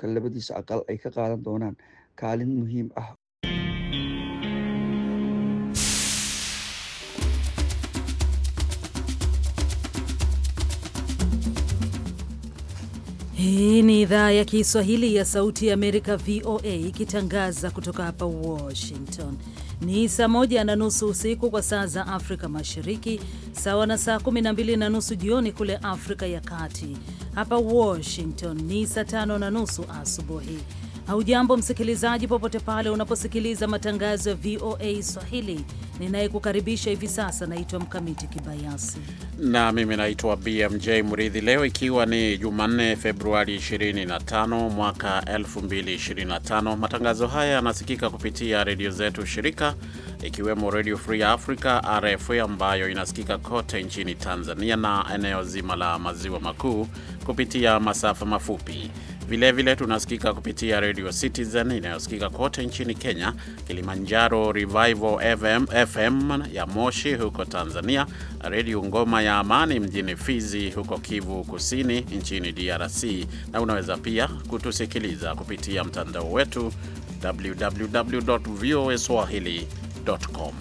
labadiisa aqal ay ka qaadan doonaan kaalin muhiim ah Hii ni idhaa ya Kiswahili ya Sauti ya Amerika, VOA, ikitangaza kutoka hapa Washington. Ni saa moja na nusu usiku kwa saa za Afrika Mashariki, sawa na saa kumi na mbili na nusu jioni kule Afrika ya Kati. Hapa Washington ni saa tano na nusu asubuhi. Haujambo msikilizaji, popote pale unaposikiliza matangazo ya VOA Swahili. Ninayekukaribisha hivi sasa naitwa Mkamiti Kibayasi na mimi naitwa BMJ Mridhi. Leo ikiwa ni Jumanne, Februari 25 mwaka 2025, matangazo haya yanasikika kupitia redio zetu shirika, ikiwemo Redio Free Africa RFA ambayo inasikika kote nchini Tanzania na eneo zima la maziwa makuu kupitia masafa mafupi Vilevile vile tunasikika kupitia Radio Citizen inayosikika kote nchini Kenya, Kilimanjaro Revival FM, FM ya Moshi huko Tanzania, Redio Ngoma ya Amani mjini Fizi huko Kivu Kusini nchini DRC, na unaweza pia kutusikiliza kupitia mtandao wetu www voa swahili.com.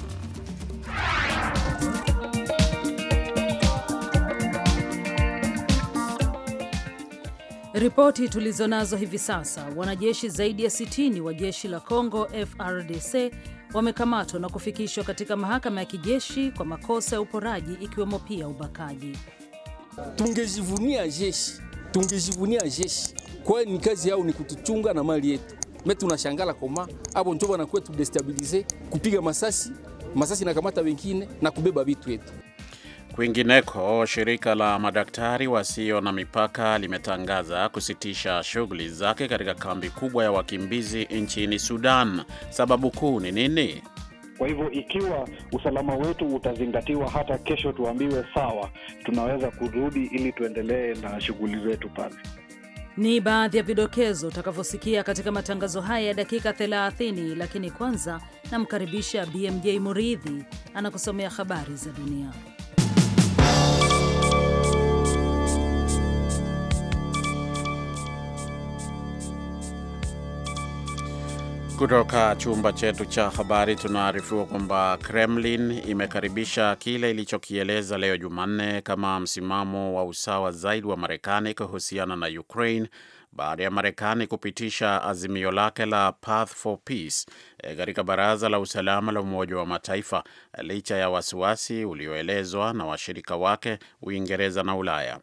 Ripoti tulizonazo hivi sasa, wanajeshi zaidi ya 60 wa jeshi la Congo FRDC wamekamatwa na kufikishwa katika mahakama ya kijeshi kwa makosa ya uporaji ikiwemo pia ubakaji. Tungejivunia jeshi, tungejivunia jeshi, kwani kazi yao ni kutuchunga na mali yetu. Me tunashangala koma apo njo banakuwa tudestabilize kupiga masasi, masasi nakamata wengine na kubeba vitu yetu. Kwingineko, shirika la madaktari wasio na mipaka limetangaza kusitisha shughuli zake katika kambi kubwa ya wakimbizi nchini Sudan. Sababu kuu ni nini? Kwa hivyo ikiwa usalama wetu utazingatiwa, hata kesho tuambiwe sawa, tunaweza kurudi ili tuendelee na shughuli zetu pale. Ni baadhi ya vidokezo utakavyosikia katika matangazo haya ya dakika 30, lakini kwanza namkaribisha BMJ Muridhi anakusomea habari za dunia. Kutoka chumba chetu cha habari tunaarifiwa kwamba Kremlin imekaribisha kile ilichokieleza leo Jumanne kama msimamo wa usawa zaidi wa Marekani kuhusiana na Ukraine baada ya Marekani kupitisha azimio lake la Path for Peace e, katika Baraza la Usalama la Umoja wa Mataifa licha ya wasiwasi ulioelezwa na washirika wake Uingereza na Ulaya.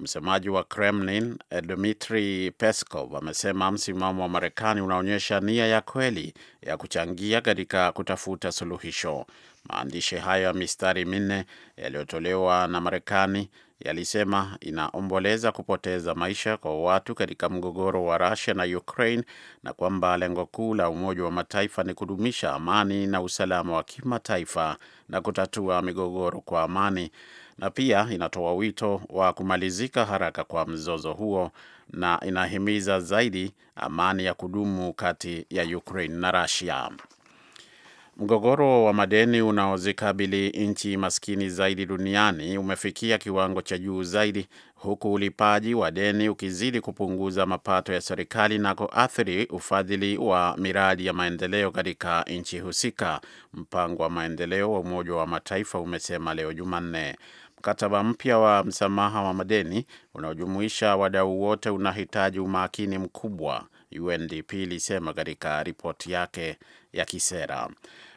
Msemaji wa Kremlin eh, Dmitri Peskov amesema msimamo wa Marekani unaonyesha nia ya kweli ya kuchangia katika kutafuta suluhisho. Maandishi hayo ya mistari minne yaliyotolewa na Marekani yalisema inaomboleza kupoteza maisha kwa watu katika mgogoro wa rasia na Ukraine na kwamba lengo kuu la Umoja wa Mataifa ni kudumisha amani na usalama wa kimataifa na kutatua migogoro kwa amani na pia inatoa wito wa kumalizika haraka kwa mzozo huo na inahimiza zaidi amani ya kudumu kati ya Ukraine na Russia. Mgogoro wa madeni unaozikabili nchi maskini zaidi duniani umefikia kiwango cha juu zaidi huku ulipaji wa deni ukizidi kupunguza mapato ya serikali na kuathiri ufadhili wa miradi ya maendeleo katika nchi husika, mpango wa maendeleo wa Umoja wa Mataifa umesema leo Jumanne mkataba mpya wa msamaha wa madeni unaojumuisha wadau wote unahitaji umakini mkubwa, UNDP ilisema katika ripoti yake ya kisera.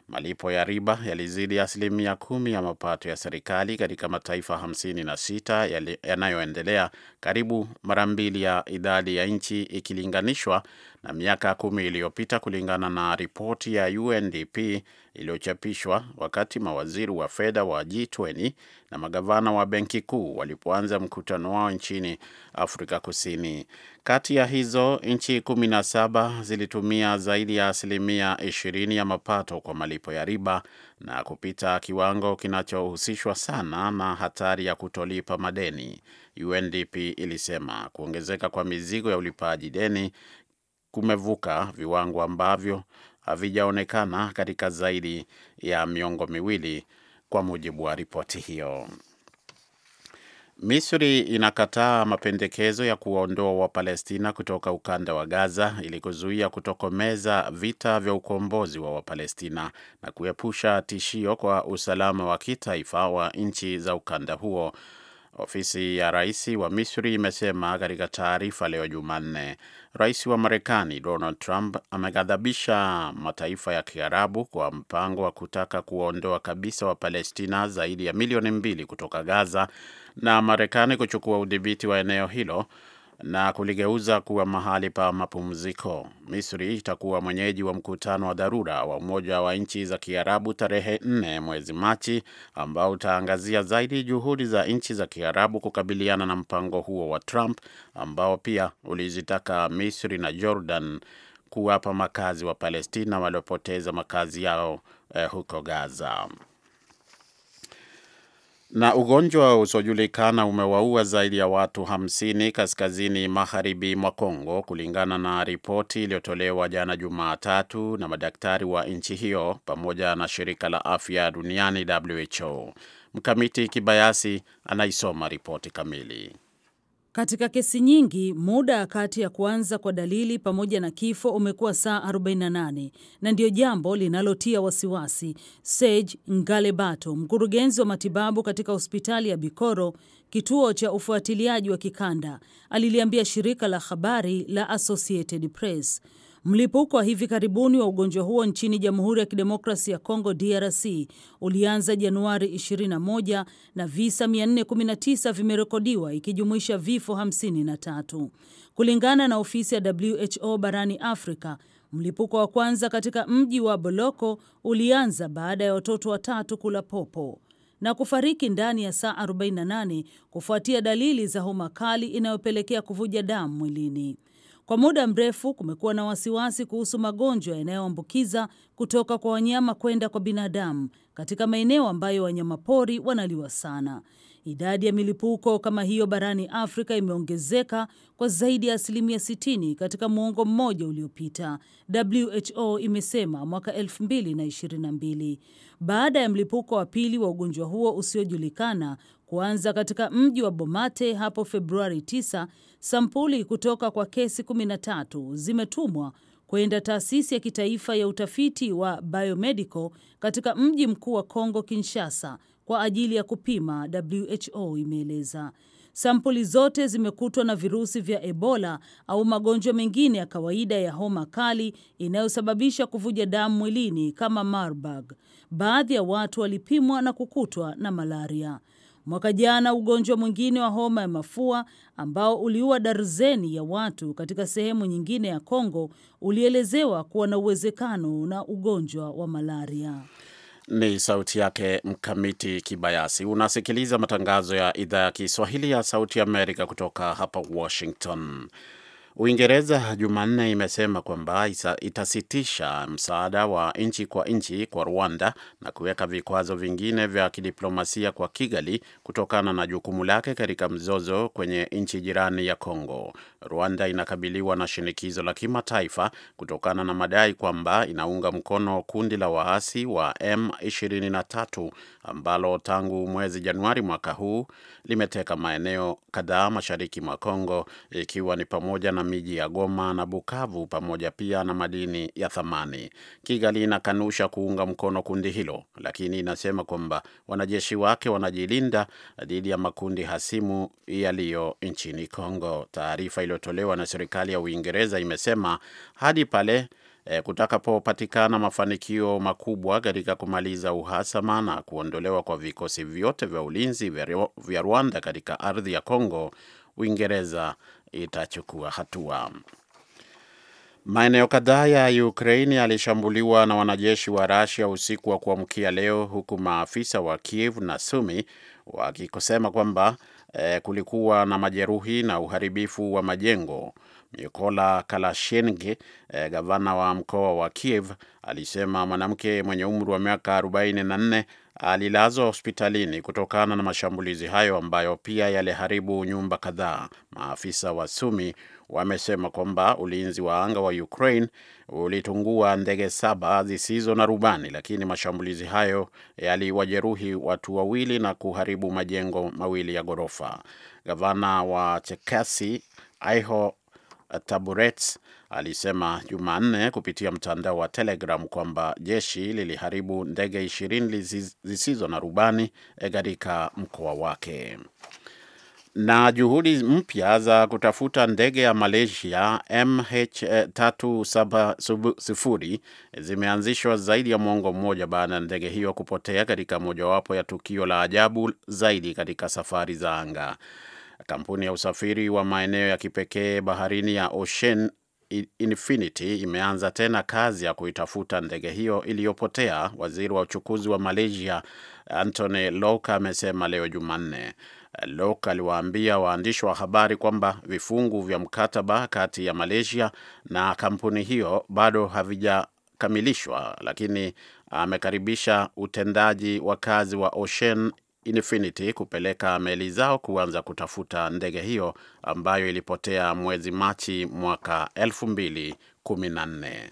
Malipo ya riba yalizidi asilimia kumi ya mapato ya serikali katika mataifa 56 yanayoendelea, karibu mara mbili ya idadi ya nchi ikilinganishwa na miaka kumi iliyopita, kulingana na ripoti ya UNDP iliyochapishwa wakati mawaziri wa fedha wa G20 na magavana wa benki kuu walipoanza mkutano wao nchini Afrika Kusini. Kati ya hizo nchi 17 zilitumia zaidi ya asilimia 20 ya mapato kwa malipo ya riba na kupita kiwango kinachohusishwa sana na hatari ya kutolipa madeni. UNDP ilisema kuongezeka kwa mizigo ya ulipaji deni kumevuka viwango ambavyo havijaonekana katika zaidi ya miongo miwili, kwa mujibu wa ripoti hiyo. Misri inakataa mapendekezo ya kuwaondoa Wapalestina kutoka ukanda wa Gaza ili kuzuia kutokomeza vita vya ukombozi wa Wapalestina na kuepusha tishio kwa usalama wa kitaifa wa nchi za ukanda huo Ofisi ya rais wa Misri imesema katika taarifa leo Jumanne. Rais wa Marekani Donald Trump ameghadhabisha mataifa ya Kiarabu kwa mpango wa kutaka kuwaondoa kabisa Wapalestina zaidi ya milioni mbili kutoka Gaza na Marekani kuchukua udhibiti wa eneo hilo na kuligeuza kuwa mahali pa mapumziko. Misri itakuwa mwenyeji wa mkutano wa dharura wa Umoja wa Nchi za Kiarabu tarehe nne mwezi Machi, ambao utaangazia zaidi juhudi za nchi za Kiarabu kukabiliana na mpango huo wa Trump ambao pia ulizitaka Misri na Jordan kuwapa makazi wa Palestina waliopoteza makazi yao eh, huko Gaza. Na ugonjwa usiojulikana umewaua zaidi ya watu hamsini kaskazini magharibi mwa congo kulingana na ripoti iliyotolewa jana Jumatatu na madaktari wa nchi hiyo pamoja na shirika la afya duniani WHO. Mkamiti Kibayasi anaisoma ripoti kamili. Katika kesi nyingi muda kati ya kuanza kwa dalili pamoja na kifo umekuwa saa 48 na ndiyo jambo linalotia wasiwasi. Serge Ngalebato, mkurugenzi wa matibabu katika hospitali ya Bikoro, kituo cha ufuatiliaji wa kikanda, aliliambia shirika la habari la Associated Press. Mlipuko wa hivi karibuni wa ugonjwa huo nchini Jamhuri ya Kidemokrasi ya Kongo DRC ulianza Januari 21 na visa 419 vimerekodiwa ikijumuisha vifo 53. Kulingana na ofisi ya WHO barani Afrika, mlipuko wa kwanza katika mji wa Boloko ulianza baada ya watoto watatu kula popo na kufariki ndani ya saa 48 kufuatia dalili za homa kali inayopelekea kuvuja damu mwilini. Kwa muda mrefu kumekuwa na wasiwasi kuhusu magonjwa yanayoambukiza kutoka kwa wanyama kwenda kwa binadamu katika maeneo ambayo wanyamapori wanaliwa sana. Idadi ya milipuko kama hiyo barani Afrika imeongezeka kwa zaidi ya asilimia 60 katika muongo mmoja uliopita, WHO imesema mwaka 2022, baada ya mlipuko wa pili wa ugonjwa huo usiojulikana kuanza katika mji wa Bomate hapo Februari 9. Sampuli kutoka kwa kesi 13 zimetumwa kwenda taasisi ya kitaifa ya utafiti wa biomedical katika mji mkuu wa Kongo Kinshasa kwa ajili ya kupima, WHO imeeleza. Sampuli zote zimekutwa na virusi vya Ebola au magonjwa mengine ya kawaida ya homa kali inayosababisha kuvuja damu mwilini kama Marburg. Baadhi ya watu walipimwa na kukutwa na malaria. Mwaka jana ugonjwa mwingine wa homa ya mafua ambao uliua darzeni ya watu katika sehemu nyingine ya Kongo ulielezewa kuwa na uwezekano na ugonjwa wa malaria. Ni sauti yake Mkamiti Kibayasi. Unasikiliza matangazo ya idhaa ya Kiswahili ya Sauti Amerika kutoka hapa Washington. Uingereza Jumanne imesema kwamba itasitisha msaada wa nchi kwa nchi kwa Rwanda na kuweka vikwazo vingine vya kidiplomasia kwa Kigali kutokana na jukumu lake katika mzozo kwenye nchi jirani ya congo Rwanda inakabiliwa na shinikizo la kimataifa kutokana na madai kwamba inaunga mkono kundi la waasi wa M23 ambalo tangu mwezi Januari mwaka huu limeteka maeneo kadhaa mashariki mwa congo ikiwa ni pamoja na na miji ya Goma na Bukavu pamoja pia na madini ya thamani. Kigali inakanusha kuunga mkono kundi hilo, lakini inasema kwamba wanajeshi wake wanajilinda dhidi ya makundi hasimu yaliyo nchini Kongo. Taarifa iliyotolewa na serikali ya Uingereza imesema hadi pale E, kutakapopatikana mafanikio makubwa katika kumaliza uhasama na kuondolewa kwa vikosi vyote vya ulinzi vya Rwanda katika ardhi ya Kongo, Uingereza itachukua hatua. Maeneo kadhaa ya Ukraini yalishambuliwa na wanajeshi wa Rasia usiku wa kuamkia leo, huku maafisa wa Kiev na Sumi wakikosema kwamba eh, kulikuwa na majeruhi na uharibifu wa majengo. Mykola Kalashenge, eh, gavana wa mkoa wa Kiev, alisema mwanamke mwenye umri wa miaka 44 alilazwa hospitalini kutokana na mashambulizi hayo ambayo pia yaliharibu nyumba kadhaa. Maafisa wa Sumi wamesema kwamba ulinzi wa anga wa Ukraine ulitungua ndege saba zisizo na rubani, lakini mashambulizi hayo yaliwajeruhi watu wawili na kuharibu majengo mawili ya ghorofa. Gavana wa Chekasi Aiho Taburets alisema Jumanne kupitia mtandao wa Telegram kwamba jeshi liliharibu ndege ishirini zisizo na rubani eh, katika mkoa wake. Na juhudi mpya za kutafuta ndege ya Malaysia MH370 zimeanzishwa zaidi ya mwongo mmoja baada ya ndege hiyo kupotea katika mojawapo ya tukio la ajabu zaidi katika safari za anga. Kampuni ya usafiri wa maeneo ya kipekee baharini ya Ocean Infinity imeanza tena kazi ya kuitafuta ndege hiyo iliyopotea. Waziri wa uchukuzi wa Malaysia Anthony Lok amesema leo Jumanne. Lok aliwaambia waandishi wa habari kwamba vifungu vya mkataba kati ya Malaysia na kampuni hiyo bado havijakamilishwa, lakini amekaribisha utendaji wa kazi wa Ocean Infinity kupeleka meli zao kuanza kutafuta ndege hiyo ambayo ilipotea mwezi Machi mwaka nne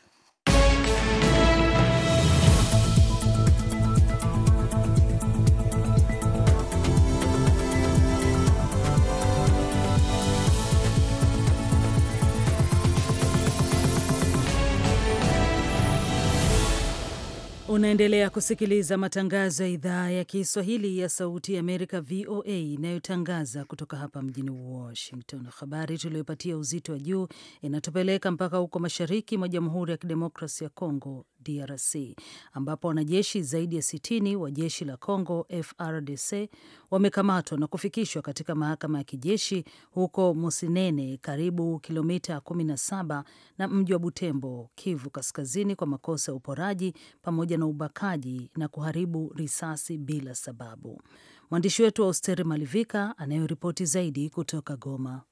Unaendelea kusikiliza matangazo ya idhaa ya Kiswahili ya Sauti ya Amerika, VOA, inayotangaza kutoka hapa mjini Washington. Habari tuliyopatia uzito wa juu inatupeleka mpaka huko mashariki mwa Jamhuri ya Kidemokrasi ya congo DRC ambapo wanajeshi zaidi ya sitini wa jeshi la Congo FRDC wamekamatwa na kufikishwa katika mahakama ya kijeshi huko Musinene, karibu kilomita 17 na mji wa Butembo, Kivu Kaskazini, kwa makosa ya uporaji pamoja na ubakaji na kuharibu risasi bila sababu. Mwandishi wetu wa Austeri Malivika anayoripoti zaidi kutoka Goma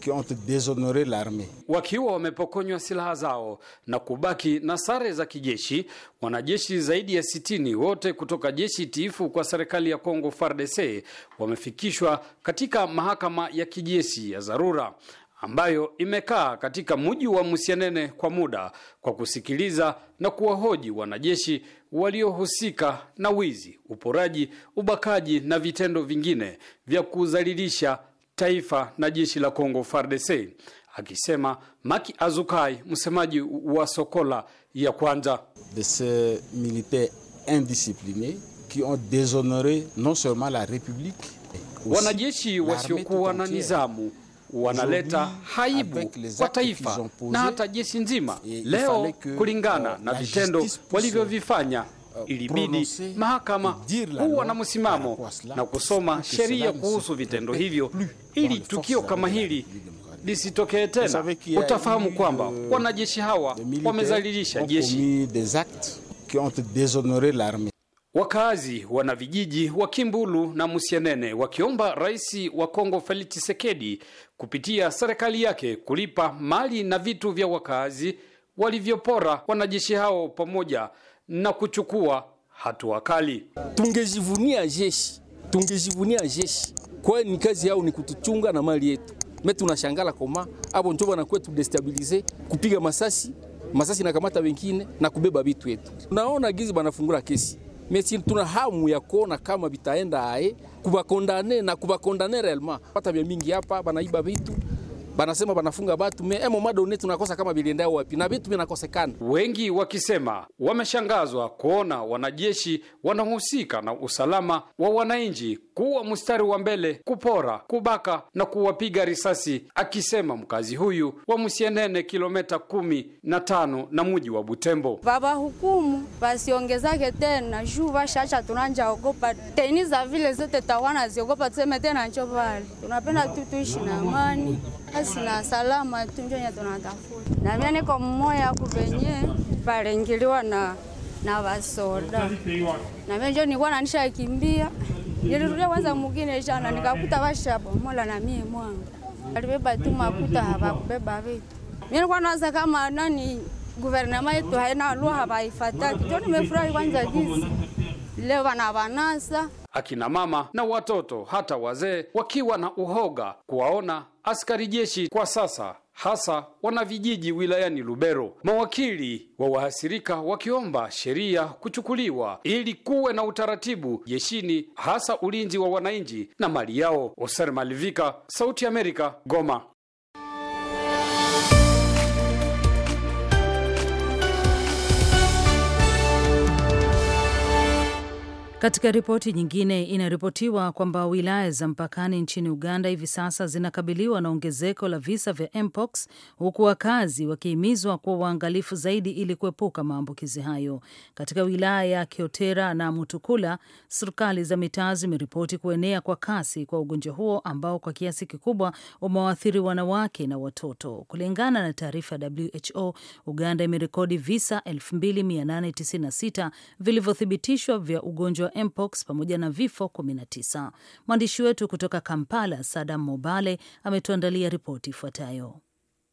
qui ont déshonoré l'armée. Wakiwa wamepokonywa silaha zao na kubaki na sare za kijeshi, wanajeshi zaidi ya sitini wote kutoka jeshi tiifu kwa serikali ya Kongo FARDC wamefikishwa katika mahakama ya kijeshi ya dharura ambayo imekaa katika mji wa Musianene kwa muda kwa kusikiliza na kuwahoji wanajeshi waliohusika na wizi, uporaji, ubakaji na vitendo vingine vya kudhalilisha taifa na jeshi la Kongo FARDC, akisema Maki Azukai, msemaji wa Sokola ya kwanza, de ce militaire qui ont déshonoré non seulement la république, wanajeshi wasiokuwa na nizamu wanaleta haibu kwa taifa na hata jeshi nzima leo, kulingana euh, na vitendo walivyovifanya Uh, ilibidi mahakama kuwa na msimamo na kusoma sheria kuhusu vitendo hivyo ili tukio kama hili lisitokee tena. Utafahamu kwamba uh, wanajeshi hawa wamezalilisha jeshi. Wakazi wana vijiji wa Kimbulu na Musienene wakiomba Rais wa Kongo Felix Tshisekedi kupitia serikali yake kulipa mali na vitu vya wakazi walivyopora wanajeshi hao pamoja na kuchukua hatua kali. Tungejivunia jeshi, tungejivunia jeshi, kwani kazi yao ni kutuchunga na mali yetu. Me tunashangala koma abo njo banakuwa tudestabilize kupiga masasi masasi na kamata wengine na kubeba vitu yetu. Naona gizi banafungula kesi mesi, tuna hamu ya kuona kama vitaenda aye kubakondane na kubakondane realma. Pata vya mingi hapa banaiba vitu banasema banafunga batu me emo madone tunakosa kama bilienda wapi na vitu vinakosekana. Wengi wakisema wameshangazwa kuona wanajeshi wanahusika na usalama wa wananchi kuwa mstari wa mbele kupora, kubaka na kuwapiga risasi, akisema mkazi huyu wa Msienene, kilomita kumi na tano na muji wa Butembo. Baba hukumu basiongezake tena juu vashacha, tunanja ogopa teni za vile zote tawana ziogopa tuseme tena njo vale, tunapenda tutuishi na amani hasina salama tunjonya tunatafuta na mimi niko mmoja ku venye na na na mimi nilikuwa nanisha kimbia nilirudia kwanza mwingine jana nikakuta na mwangu alibeba tu makuta vitu mimi nilikuwa kama nani guvernema yetu haina lugha nimefurahi kwanza jinsi leo akina mama na watoto hata wazee wakiwa na uhoga kuwaona askari jeshi kwa sasa hasa wanavijiji wilayani Lubero. Mawakili wa wahasirika wakiomba sheria kuchukuliwa ili kuwe na utaratibu jeshini, hasa ulinzi wa wananchi na mali yao. Oser Malivika, Sauti ya Amerika, Goma. Katika ripoti nyingine, inaripotiwa kwamba wilaya za mpakani nchini Uganda hivi sasa zinakabiliwa na ongezeko la visa vya mpox, huku wakazi wakihimizwa kuwa waangalifu zaidi ili kuepuka maambukizi hayo. Katika wilaya ya Kyotera na Mutukula, serikali za mitaa zimeripoti kuenea kwa kasi kwa ugonjwa huo ambao kwa kiasi kikubwa umewaathiri wanawake na watoto. Kulingana na taarifa ya WHO, Uganda imerekodi visa 2896 vilivyothibitishwa vya ugonjwa mpox pamoja na vifo 19. Mwandishi wetu kutoka Kampala, Sadam Mobale, ametuandalia ripoti ifuatayo.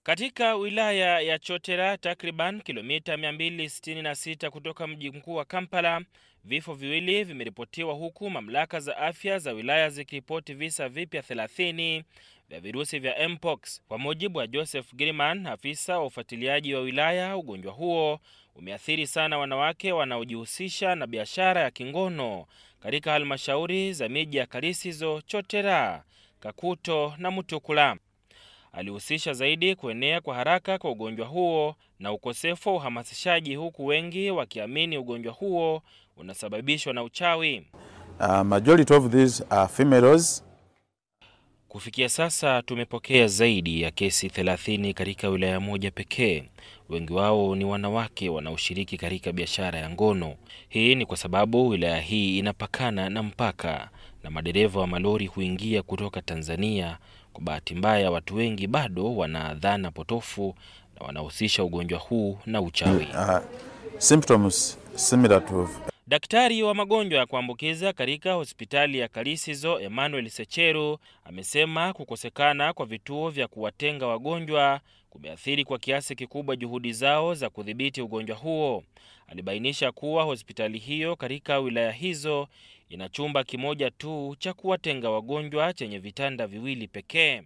Katika wilaya ya Chotera, takriban kilomita 266 kutoka mji mkuu wa Kampala, vifo viwili vimeripotiwa huku mamlaka za afya za wilaya zikiripoti visa vipya 30 vya virusi vya mpox. Kwa mujibu wa Joseph Griman, afisa wa ufuatiliaji wa wilaya, ugonjwa huo umeathiri sana wanawake wanaojihusisha na biashara ya kingono katika halmashauri za miji ya karisizo Chotera, Kakuto na Mutukula. Alihusisha zaidi kuenea kwa haraka kwa ugonjwa huo na ukosefu wa uhamasishaji, huku wengi wakiamini ugonjwa huo unasababishwa na uchawi. Uh, majority of these are females Kufikia sasa tumepokea zaidi ya kesi 30 katika wilaya moja pekee. Wengi wao ni wanawake wanaoshiriki katika biashara ya ngono. Hii ni kwa sababu wilaya hii inapakana na mpaka na madereva wa malori huingia kutoka Tanzania. Kwa bahati mbaya, watu wengi bado wana dhana potofu na wanahusisha ugonjwa huu na uchawi. Uh, symptoms similar to Daktari wa magonjwa ya kuambukiza katika hospitali ya Kalisizo Emmanuel Secheru amesema kukosekana kwa vituo vya kuwatenga wagonjwa kumeathiri kwa kiasi kikubwa juhudi zao za kudhibiti ugonjwa huo. Alibainisha kuwa hospitali hiyo katika wilaya hizo ina chumba kimoja tu cha kuwatenga wagonjwa chenye vitanda viwili pekee.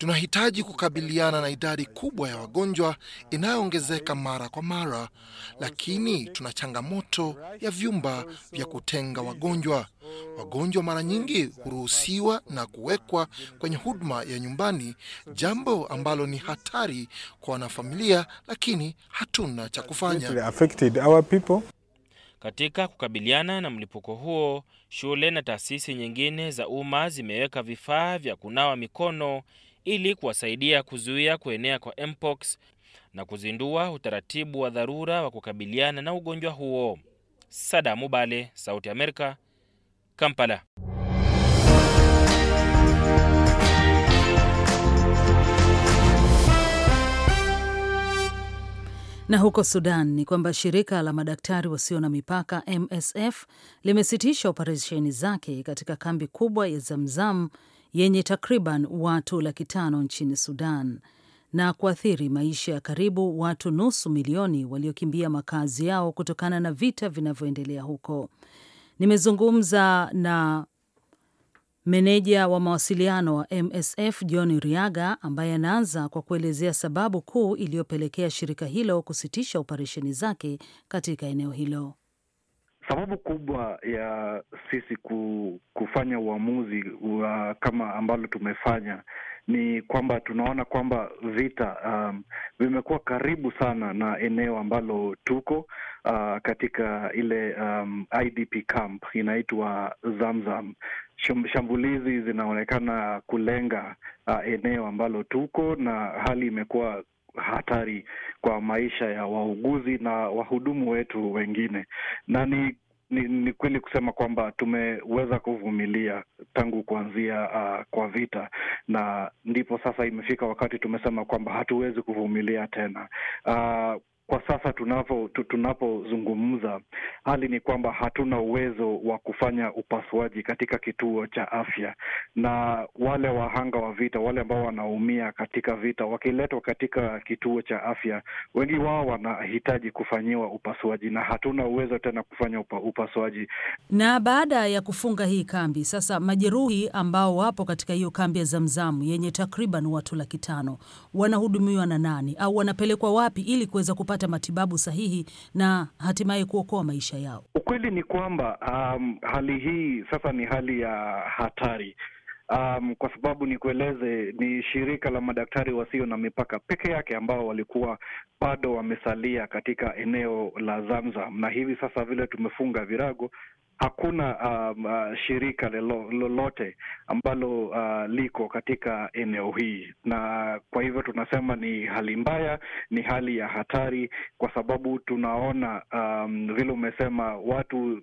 Tunahitaji kukabiliana na idadi kubwa ya wagonjwa inayoongezeka mara kwa mara, lakini tuna changamoto ya vyumba vya kutenga wagonjwa. Wagonjwa mara nyingi huruhusiwa na kuwekwa kwenye huduma ya nyumbani, jambo ambalo ni hatari kwa wanafamilia, lakini hatuna cha kufanya. Katika kukabiliana na mlipuko huo, shule na taasisi nyingine za umma zimeweka vifaa vya kunawa mikono ili kuwasaidia kuzuia kuenea kwa mpox na kuzindua utaratibu wa dharura wa kukabiliana na ugonjwa huo. Sada Mubale, Sauti ya Amerika, Kampala. Na huko Sudan ni kwamba shirika la madaktari wasio na mipaka MSF limesitisha operesheni zake katika kambi kubwa ya Zamzam yenye takriban watu laki tano nchini Sudan na kuathiri maisha ya karibu watu nusu milioni waliokimbia makazi yao kutokana na vita vinavyoendelea huko. Nimezungumza na meneja wa mawasiliano wa MSF John Riaga, ambaye anaanza kwa kuelezea sababu kuu iliyopelekea shirika hilo kusitisha operesheni zake katika eneo hilo. Sababu kubwa ya sisi kufanya uamuzi wa kama ambalo tumefanya ni kwamba tunaona kwamba vita um, vimekuwa karibu sana na eneo ambalo tuko uh, katika ile um, IDP camp inaitwa Zamzam. Shambulizi zinaonekana kulenga uh, eneo ambalo tuko na hali imekuwa hatari kwa maisha ya wauguzi na wahudumu wetu wengine, na ni ni, ni kweli kusema kwamba tumeweza kuvumilia tangu kuanzia uh, kwa vita, na ndipo sasa imefika wakati tumesema kwamba hatuwezi kuvumilia tena. Uh, kwa sasa tunapozungumza, hali ni kwamba hatuna uwezo wa kufanya upasuaji katika kituo cha afya, na wale wahanga wa vita, wale ambao wanaumia katika vita, wakiletwa katika kituo cha afya, wengi wao wanahitaji kufanyiwa upasuaji, na hatuna uwezo tena kufanya upa, upasuaji. Na baada ya kufunga hii kambi, sasa majeruhi ambao wapo katika hiyo kambi ya Zamzamu yenye takriban watu laki tano wanahudumiwa na nani au wanapelekwa wapi ili kuweza kupata kupata matibabu sahihi na hatimaye kuokoa maisha yao. Ukweli ni kwamba um, hali hii sasa ni hali ya hatari. Um, kwa sababu nikueleze, ni shirika la madaktari wasio na mipaka peke yake ambao walikuwa bado wamesalia katika eneo la Zamzam, na hivi sasa vile tumefunga virago, hakuna um, uh, shirika lolote ambalo uh, liko katika eneo hii, na kwa hivyo tunasema ni hali mbaya, ni hali ya hatari, kwa sababu tunaona um, vile umesema watu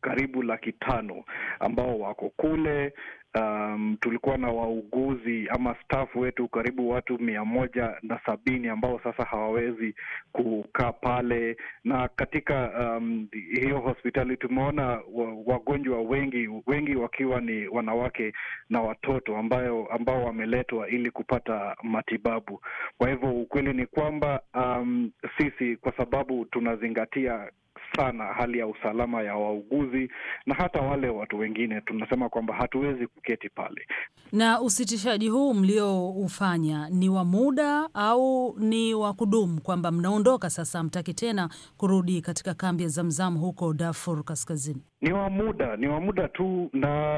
karibu laki tano ambao wako kule Um, tulikuwa na wauguzi ama staff wetu karibu watu mia moja na sabini ambao sasa hawawezi kukaa pale, na katika um, hiyo hospitali tumeona wagonjwa wengi wengi wakiwa ni wanawake na watoto ambayo, ambao wameletwa ili kupata matibabu. Kwa hivyo ukweli ni kwamba um, sisi kwa sababu tunazingatia sana hali ya usalama ya wauguzi na hata wale watu wengine. Tunasema kwamba hatuwezi kuketi pale. Na usitishaji huu mlioufanya ni wa muda au ni wa kudumu, kwamba mnaondoka sasa, mtaki tena kurudi katika kambi ya Zamzam huko Darfur Kaskazini? Ni wa muda, ni wa muda tu na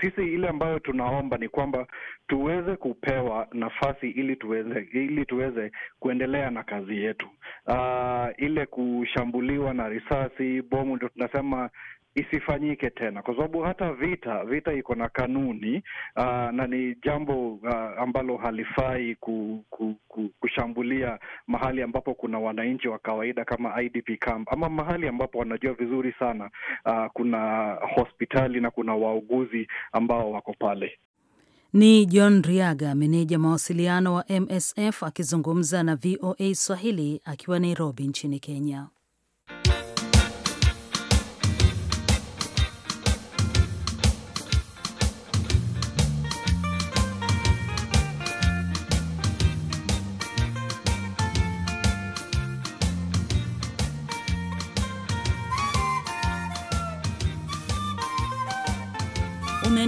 sisi ile ambayo tunaomba ni kwamba tuweze kupewa nafasi ili tuweze ili tuweze kuendelea na kazi yetu. Uh, ile kushambuliwa na risasi bomu, ndio tunasema isifanyike tena, kwa sababu hata vita vita iko na kanuni uh, na ni jambo uh, ambalo halifai ku, ku, ku, kushambulia mahali ambapo kuna wananchi wa kawaida kama IDP camp ama mahali ambapo wanajua vizuri sana uh, kuna hospitali na kuna wauguzi ambao wako pale. Ni John Riaga, meneja mawasiliano wa MSF akizungumza na VOA Swahili akiwa Nairobi nchini Kenya.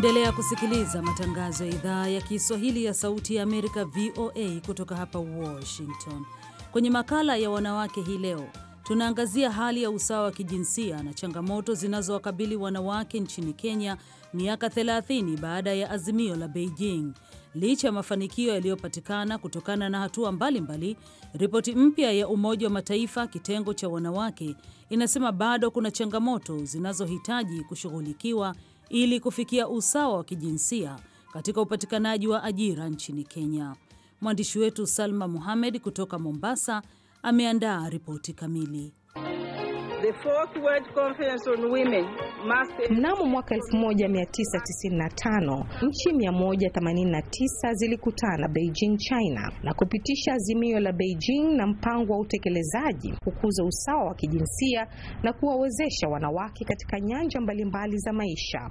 Unaendelea kusikiliza matangazo ya idhaa ya Kiswahili ya Sauti ya Amerika, VOA, kutoka hapa Washington. Kwenye makala ya wanawake hii leo tunaangazia hali ya usawa wa kijinsia na changamoto zinazowakabili wanawake nchini Kenya miaka 30 baada ya azimio la Beijing. Licha ya mafanikio yaliyopatikana kutokana na hatua mbalimbali, ripoti mpya ya Umoja wa Mataifa kitengo cha wanawake inasema bado kuna changamoto zinazohitaji kushughulikiwa ili kufikia usawa wa kijinsia katika upatikanaji wa ajira nchini Kenya. Mwandishi wetu Salma Muhamed kutoka Mombasa ameandaa ripoti kamili. Mnamo mwaka 1995 nchi 189 zilikutana Beijing, China na kupitisha azimio la Beijing na mpango wa utekelezaji kukuza usawa wa kijinsia na kuwawezesha wanawake katika nyanja mbalimbali za maisha.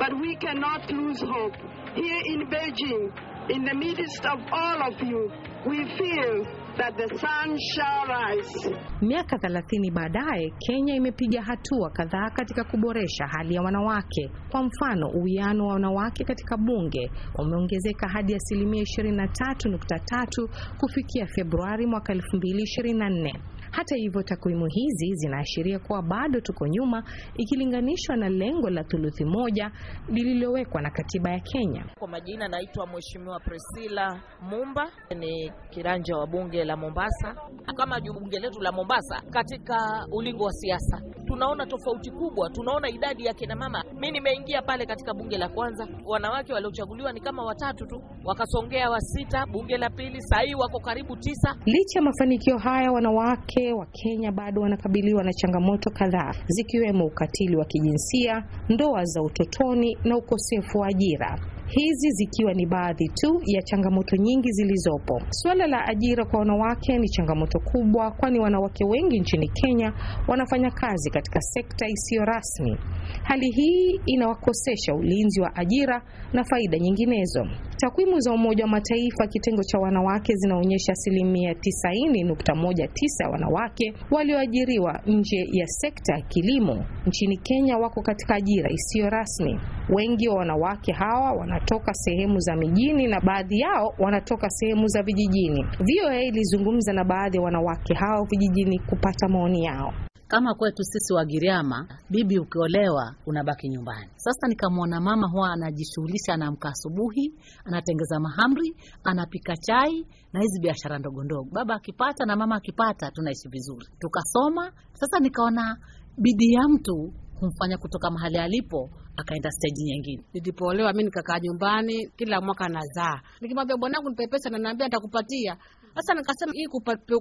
But we cannot lose hope. Here in Beijing, in the midst of all of you, we feel that the sun shall rise. Miaka 30 baadaye, Kenya imepiga hatua kadhaa katika kuboresha hali ya wanawake. Kwa mfano, uwiano wa wanawake katika bunge umeongezeka hadi asilimia 23.3 kufikia Februari mwaka 2024. Hata hivyo, takwimu hizi zinaashiria kuwa bado tuko nyuma ikilinganishwa na lengo la thuluthi moja lililowekwa na katiba ya Kenya. Kwa majina, naitwa Mheshimiwa Priscilla Mumba, ni kiranja wa bunge la Mombasa. Kama bunge letu la Mombasa, katika ulingo wa siasa tunaona tofauti kubwa, tunaona idadi ya kina mama. Mimi nimeingia pale katika bunge la kwanza, wanawake waliochaguliwa ni kama watatu tu, wakasongea wa sita, bunge la pili, sahii wako karibu tisa. Licha ya mafanikio haya, wanawake wazee wa Kenya bado wanakabiliwa na changamoto kadhaa zikiwemo ukatili wa kijinsia, ndoa za utotoni na ukosefu wa ajira. Hizi zikiwa ni baadhi tu ya changamoto nyingi zilizopo. Suala la ajira kwa wanawake ni changamoto kubwa, kwani wanawake wengi nchini Kenya wanafanya kazi katika sekta isiyo rasmi. Hali hii inawakosesha ulinzi wa ajira na faida nyinginezo. Takwimu za Umoja wa Mataifa kitengo cha wanawake zinaonyesha asilimia 90.19 wanawake walioajiriwa nje ya sekta ya kilimo nchini Kenya wako katika ajira isiyo rasmi. Wengi wa wanawake hawa wanatoka sehemu za mijini na baadhi yao wanatoka sehemu za vijijini. VOA ilizungumza na baadhi ya wanawake hao vijijini kupata maoni yao. Kama kwetu sisi Wagiriama, bibi ukiolewa unabaki nyumbani. Sasa nikamwona mama huwa anajishughulisha, anaamka asubuhi, anatengeza mahamri, anapika chai na hizi biashara ndogo ndogo, baba akipata na mama akipata, tunaishi vizuri. Tukasoma. Sasa nikaona bidii ya mtu kumfanya kutoka mahali alipo akaenda steji nyingine. Nilipoolewa mi nikakaa nyumbani, kila mwaka nazaa, nikimwambia bwanangu nipe pesa, nanaambia nitakupatia sasa nikasema hii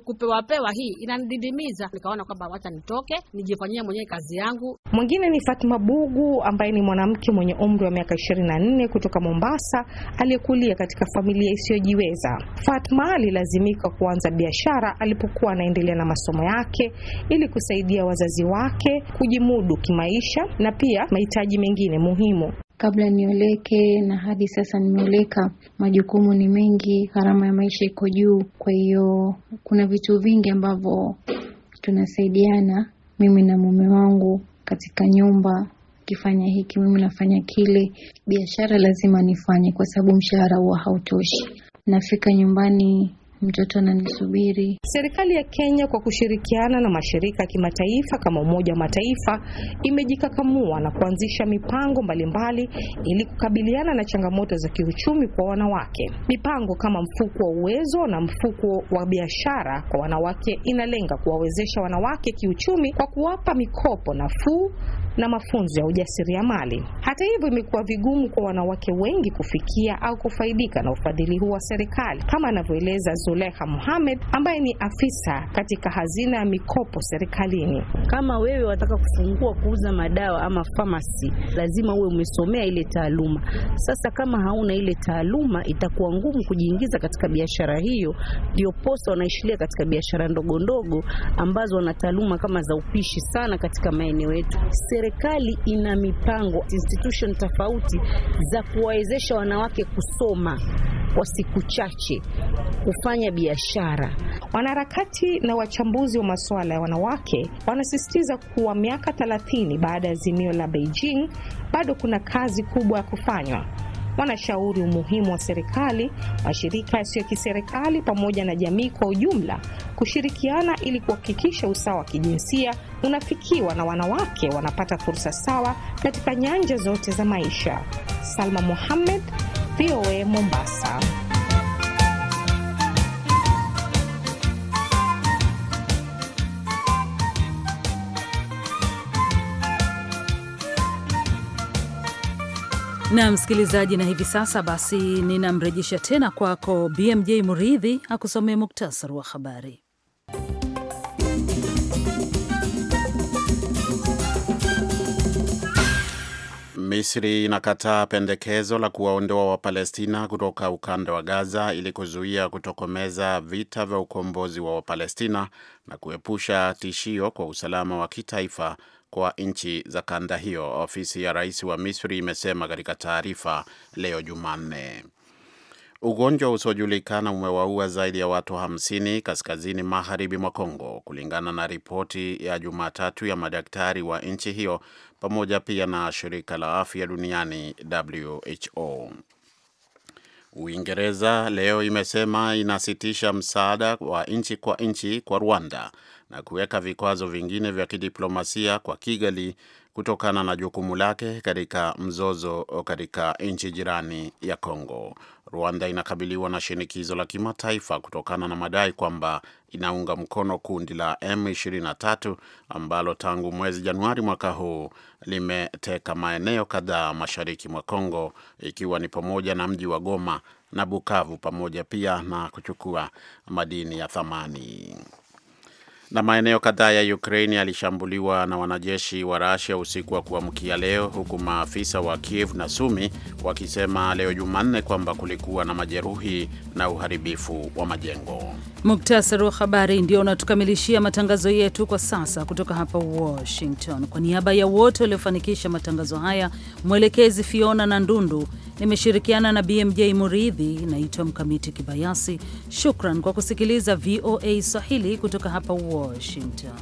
kupewapewa hii inanididimiza, nikaona kwamba wacha nitoke nijifanyie mwenyewe kazi yangu. Mwingine ni Fatma Bugu ambaye ni mwanamke mwenye umri wa miaka 24 kutoka Mombasa aliyekulia katika familia isiyojiweza. Fatma alilazimika kuanza biashara alipokuwa anaendelea na masomo yake ili kusaidia wazazi wake kujimudu kimaisha na pia mahitaji mengine muhimu. Kabla nioleke na hadi sasa nimeoleka, majukumu ni mengi, gharama ya maisha iko juu. Kwa hiyo kuna vitu vingi ambavyo tunasaidiana mimi na mume wangu katika nyumba, kifanya hiki mimi nafanya kile. Biashara lazima nifanye kwa sababu mshahara huwa hautoshi. Nafika nyumbani mtoto ananisubiri. Serikali ya Kenya kwa kushirikiana na mashirika ya kimataifa kama Umoja wa Mataifa imejikakamua na kuanzisha mipango mbalimbali ili kukabiliana na changamoto za kiuchumi kwa wanawake. Mipango kama mfuko wa uwezo na mfuko wa biashara kwa wanawake inalenga kuwawezesha wanawake kiuchumi kwa kuwapa mikopo nafuu, na mafunzo ya ujasiriamali. Hata hivyo, imekuwa vigumu kwa wanawake wengi kufikia au kufaidika na ufadhili huu wa serikali, kama anavyoeleza zuleha muhamed ambaye ni afisa katika hazina ya mikopo serikalini. Kama wewe wataka kufungua kuuza madawa ama famasi, lazima uwe umesomea ile taaluma. Sasa kama hauna ile taaluma, itakuwa ngumu kujiingiza katika biashara hiyo. Ndio posa wanaishilia katika biashara ndogo ndogo ambazo wana taaluma kama za upishi sana katika maeneo yetu serikali ina mipango institution tofauti za kuwawezesha wanawake kusoma kwa siku chache, kufanya biashara. Wanaharakati na wachambuzi wa masuala ya wanawake wanasisitiza kuwa miaka 30 baada ya azimio la Beijing bado kuna kazi kubwa ya kufanywa wanashauri umuhimu wa serikali, mashirika yasiyo ya kiserikali pamoja na jamii kwa ujumla kushirikiana ili kuhakikisha usawa wa kijinsia unafikiwa na wanawake wanapata fursa sawa katika nyanja zote za maisha. Salma Mohamed, VOA Mombasa. na msikilizaji, na hivi sasa basi ninamrejesha tena kwako BMJ Muridhi akusomee muktasari wa habari. Misri inakataa pendekezo la kuwaondoa Wapalestina kutoka ukanda wa Gaza ili kuzuia kutokomeza vita vya ukombozi wa Wapalestina na kuepusha tishio kwa usalama wa kitaifa kwa nchi za kanda hiyo, ofisi ya rais wa Misri imesema katika taarifa leo Jumanne. Ugonjwa usiojulikana umewaua zaidi ya watu hamsini kaskazini magharibi mwa Kongo, kulingana na ripoti ya Jumatatu ya madaktari wa nchi hiyo pamoja pia na shirika la afya duniani WHO. Uingereza leo imesema inasitisha msaada wa nchi kwa nchi kwa Rwanda na kuweka vikwazo vingine vya kidiplomasia kwa Kigali kutokana na jukumu lake katika mzozo katika nchi jirani ya Kongo. Rwanda inakabiliwa na shinikizo la kimataifa kutokana na madai kwamba inaunga mkono kundi la M23 ambalo tangu mwezi Januari mwaka huu limeteka maeneo kadhaa mashariki mwa Kongo ikiwa ni pamoja na mji wa Goma na Bukavu pamoja pia na kuchukua madini ya thamani. Na maeneo kadhaa ya Ukraine yalishambuliwa na wanajeshi wa Russia usiku wa kuamkia leo, huku maafisa wa Kiev na Sumi wakisema leo Jumanne kwamba kulikuwa na majeruhi na uharibifu wa majengo. Muktasari wa habari ndio unatukamilishia matangazo yetu kwa sasa kutoka hapa Washington. Kwa niaba ya wote waliofanikisha matangazo haya, mwelekezi Fiona na Ndundu, nimeshirikiana na BMJ Muridhi. Naitwa Mkamiti Kibayasi. Shukran kwa kusikiliza VOA Swahili kutoka hapa Washington. Washington.